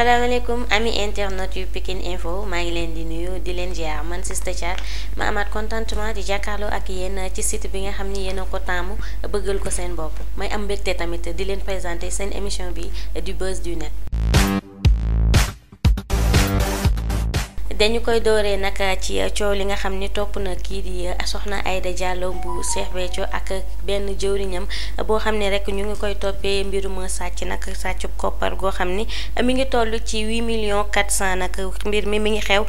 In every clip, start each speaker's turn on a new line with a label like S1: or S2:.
S1: salaamaaleykum ami internet yu Pikine Info maa ngi leen di nuyu di leen ziar man Sista Thiar ma amaat contentement di jàkkaarloo ak yéen ci sit bi nga xam ni yéen a ko taamu bëggal ko seen bopp may am mbégte tamit di leen présenté seen émission bi di bës du net. dañu koy dooree nag ci coow li nga xam ni topp na kii soxna Aïda Diallo bu Cheikh Béthio ak benn jëwriñam boo xam ne rek ñu ngi koy toppee mbirum sàcc nag sàccub koppar goo xam ni mi ngi toll ci huit millions quatre cent nag mbir mi mi ngi xew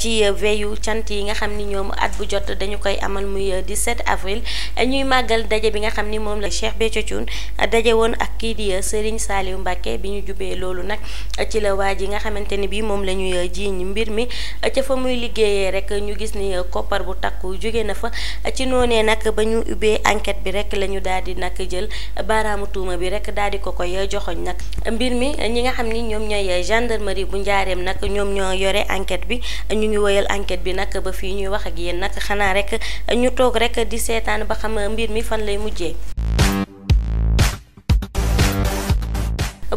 S1: ci veyu cant yi nga xam ni ñoom at bu jot dañu koy amal mu muy 17 avril ñuy màggal daje bi nga xam ni moom la Cheikh Béthio Thioune daje woon ak kii di Serigne Saliou Mbacké bi ñu jubee loolu nag ci la ji nga xamante ni bi moom la ñuy jiiñ mbir mi ca fa muy liggéeyee rek ñu gis ni koppar bu takku jóge na fa ci noonee nag ba ñu ubbee enquête bi rek la ñu daal di nag jël baaraamu tuuma bi rek daal di ko koy joxoñ nag mbir mi ñi nga xam ni ñoom ñooy gendarmerie bu njaareem nag ñoom ñoo yore enquête bi ñu ngi woyal enquête bi nag ba fii ñuy wax ak yéen nag xanaa rek ñu toog rek di seetaan ba xam mbir mi fan lay mujjee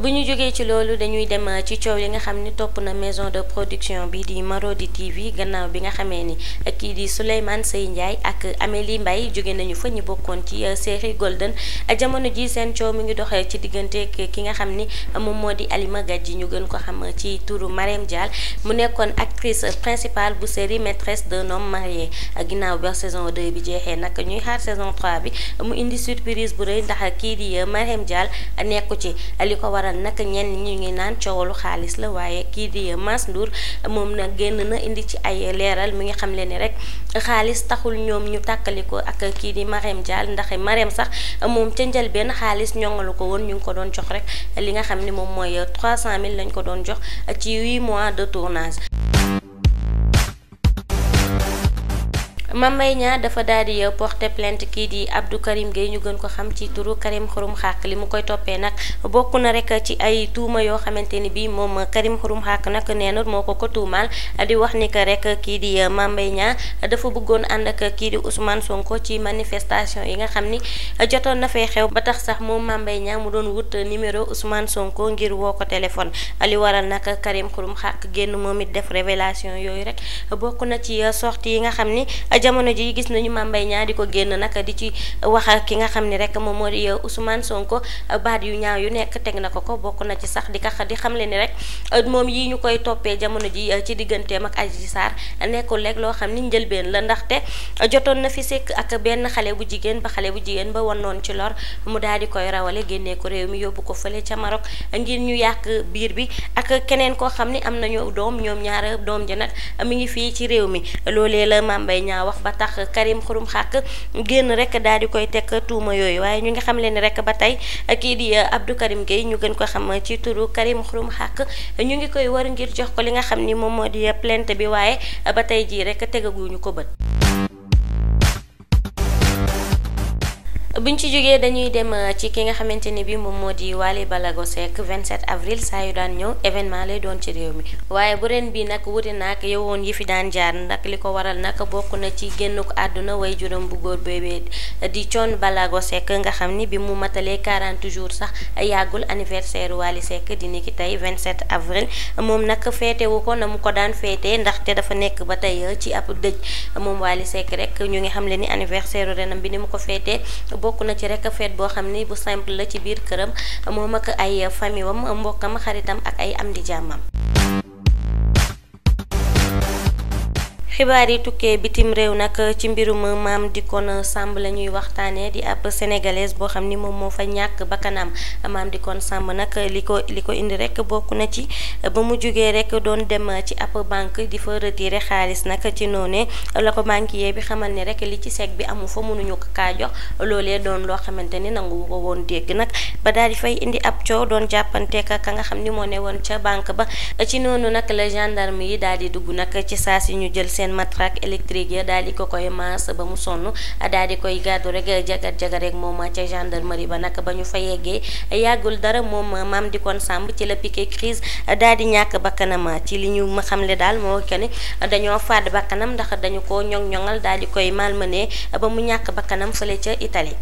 S1: bu ñu jógee ci loolu dañuy dem euh, ci coow yi nga xam ni topp na maison de production bi di Marodi TV gannaaw bi nga xamee ni kii di Souleymane Seye Ndiaye ak Amélie mbay jóge nañu fa ñu bokkoon ci euh, série Golden euh, jamono ji seen coow mi ngi doxee ci diggante ki nga xam ni moom moo di Halima Gadji ñu gën ko xam ci turu Marème Dial mu nekkoon actrice principal bu série maîtresse d'un homme a ginnaaw ba saison 2 bi jeexee nag ñuy xaar saison 3 bi mu indi surprise bu rëy ndax kii di Marème Dial nekku ci waral nag ñenn ñu ngi naan coowalu xaalis la waaye kii di Mass Ndour moom na génn na indi ci ay leeral mi ngi xam le ni rek xaalis taxul ñoom ñu tàkkaliko ak kii di Marème Dial ndax Marème sax moom ca njëlbeen xaalis ñongalu ko woon ñu ngi ko doon jox rek li nga xam ni moom mooy cent mille lañ ko doon jox ci 8 mois de tournage Mame Mbaye dafa daal yow porter plainte kii di Abdou Karim gay ñu gën ko xam ci turu Karim Xurum Xàq limu mu koy toppee nag bokk na rek ci ay tuuma yoo xamante bi moom Karim Xurum Xàq nag nee na moo ko ko tuumaal di wax ni que rek kii di Mame Mbaye Niang dafa bëggoon ànd ak kii di Ousmane Sonko ci manifestation yi nga xam ni jotoon na fay xew ba tax sax moom Mame Mbaye mu doon wut numéro Ousmane Sonko ngir woo ko téléphone ali waral nak Karim Xurum Xàq génn moom it def révélation yooyu rek bokk na ci sortie yi nga xam jamono ji gis nañu Mame Mbaye di ko génn nag di ci wax ki nga xam ni rek moom moo di euh, Ousmane Sonko euh, baat yu ñaaw yu nekk teg na ko ko bokk na ci sax di ka di xamle ni rek euh, moom yi ñu koy toppee jamono ji ci digganteem ak Adji Sarr nekkul rek loo xam ni njëlbeen la ndaxte jotoon na fi sekk ak benn xale bu jigéen ba xale bu jigéen ba wanoon ci lor mu daal di koy rawale génnee ko réew mi yóbbu ko fële ca Maroc ngir ñu yàq biir bi ak keneen koo xam ni am nañu doom ñoom ñaar doom ji nag mi ngi fii ci réew mi loolee la Mame Mbaye wax ba tax Karim Xurum Xàq génn rek daal di koy tekk tuuma yooyu waaye ñu ngi xam leen ni rek ba tey kii di Abdou Karim Gueye ñu gën ko xam ci turu Karim Xurum xaq ñu ngi koy war ngir jox ko li nga xam ni moom moo di plainte bi waaye ba tey jii rek tegaguñu ko bët. buñ ci jógee dañuy dem euh, ci ki nga xamante ni bi moom moo di Wally Balago Seck 27 avril saa yu daan ñëw événement lay doon ci réew mi waaye bu ren bi nag wute naag yowoon yi fi daan jaar nag li ko waral nag bokk na ci génn ko àdduna way juróom bu góor bébé di Thione Balago Seck nga xam ni bi mu matalee 40 jours sax yàggul anniversaire Wally sekk di niki tey vingt 27 avril moom nag féetewu ko na mu ko daan feetee ndaxte dafa nekk ba tey ci ab dëj moom Wally Seck rek ñu ngi xam le ni anniversaire renam bi ni mu ko feetee bokk na ci rek feet boo xam ni bu simple la ci biir këram moom ak ay famille am mbokkam xaritam ak ay am di jàmmam xibaar yi tukkee bitim réew nag ci mbirum Mame Dikone Samb la ñuy waxtaanee di ab sénégalaise boo xam ni moom moo fa ñàkk bakkanam Mame Dikone Samb nag li ko li ko indi rek bokk na ci ba mu jógee rek doon dem ci ab banque di fa retirer xaalis nag ci noonu la ko banquier bi xamal ne rek li ci chèque bi amu fa mënuñu ko loole doon loo xamante ni nangu ko woon dégg nag ba daal di fay indi ab coow doon jàppante ka nga xam ni moo ne woon ca banque ba ci noonu nag la gendarme yi daal di dugg nag ci saa si ñu jël seen seen matraque ya daal di ko koy maas ba mu sonn daal di koy gàddu rek jagat jagat rek moom ca gendarmerie ba nag ba ñu fa yeggee yàggul dara moom maam di Dikon sàmb ci la piqué crise daal di ñàkk bakkanam ci li ñu ma xamle daal moo que ni dañoo faat bakkanam ndax dañu ko ñoŋ ñoŋal daal di koy malmené ba mu ñàkk bakkanam fële ca Italie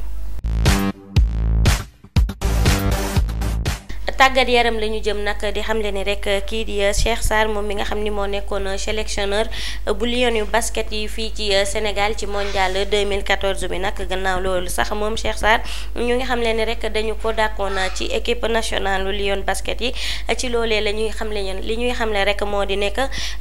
S1: tàggat yaram la ñu jëm nag di xamle ni rek kii di euh, Cheikh Sarr moom mi nga xam ni moo nekkoon euh, sélectionneur euh, bu Lion yu basket yi fii ci Sénégal ci mondial 2014 bi nag gannaaw loolu sax moom Cheikh Sarr ñu ngi xamle ni rek dañu ko dàkkoon ci équipe nationale lu basket yi ci loolee la ñuy xamle ñun li ñuy xamle rek moo di nekk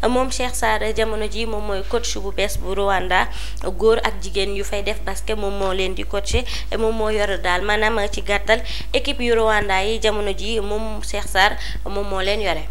S1: moom Cheikh Sarr jamono ji moom mooy coach bu bees bu Rwanda góor ak jigéen yu fay def basket moom moo leen di coacher moom moo yor daal maanaam ci gàttal équipe yu Rwanda yi jamono ji moom Cheikh Sarr moom moo leen yore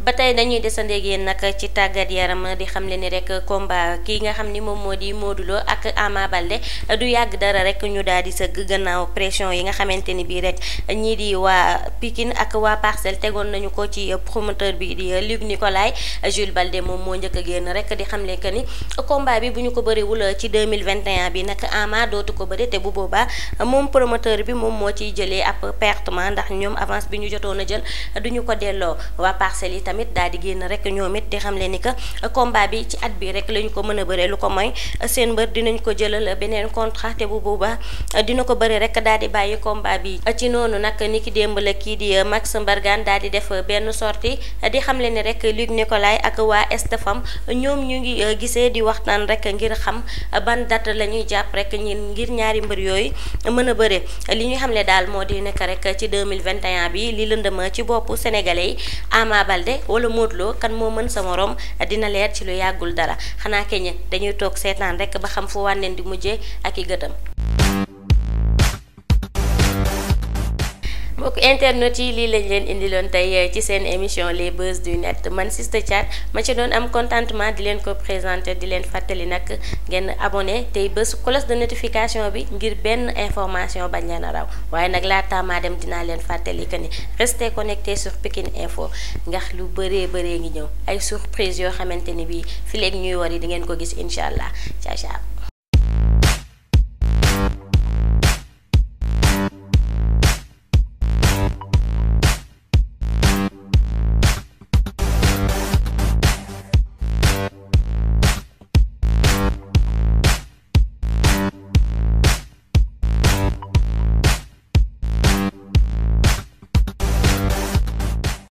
S1: ba tey dañuy desandeeg yéen nag ci tàggat yaram di xam le ni rek combat kii nga xam ni moom moo di Modou ak Ama Balde du yàgg dara rek ñu daal di sëgg gannaaw pression yi nga xamante ni bii rek ñii di waa Pikine ak waa parcelle tegoon nañu ko ci promoteur bi di Luc Nicolaï Jules Balde moom moo njëkk génn rek di xam le que ni combat bi bu ñu ko bëriwul ci 2021 bi nag Ama dootu ko bëri te bu boobaa moom promoteur bi moom moo ciy jëlee ab pertement ndax ñoom avance bi ñu jotoon a jël du ko delloo tamit daal di génn rek ñoom it di xam le ni que combat bi ci at bi rek la ñu ko mën a bëree lu ko mooy seen mbër dinañ ko jëlal beneen contrat te bu boobaa dina ko bëri rek daal di bàyyi combat bi ci noonu nag ni ki démb la kii di Max Mbargane daal di def benn sortie di xam le ni rek Luc Nicolaï ak waa Estefam ñoom ñu ngi gisee di waxtaan rek ngir xam ban date la ñuy jàpp rek ngir ñaari mbër yooyu mën a bëre li ñu xamle daal moo di nekk rek ci 2021 bi li lëndëm ci boppu sénégalais yi Ama Balde Balla wala Modou kan moo mën sa morom dina leer ci lu yàggul dara xanaa keñe dañuy toog seetaan rek ba xam fu wànneen di mujjee ak i gëtëm mbokk internet yi lii lañ leen indiloon tey eh, ci seen émission les buzz du net man Sista Thiat ma ci doon am contentement di leen ko présenter di leen fàttali nag ngeen abonné tey bés cloche de notification bi ngir benn information bañ leen a raw waaye nag laata maa dem dinaa leen fàttali que ni restez connecté sur Pikine Info ngax lu bëree bëree ngi ñëw ay surprise yoo xamante ni bii fileeg ñuy war yi di ngeen ko gis incha allah ciao ciao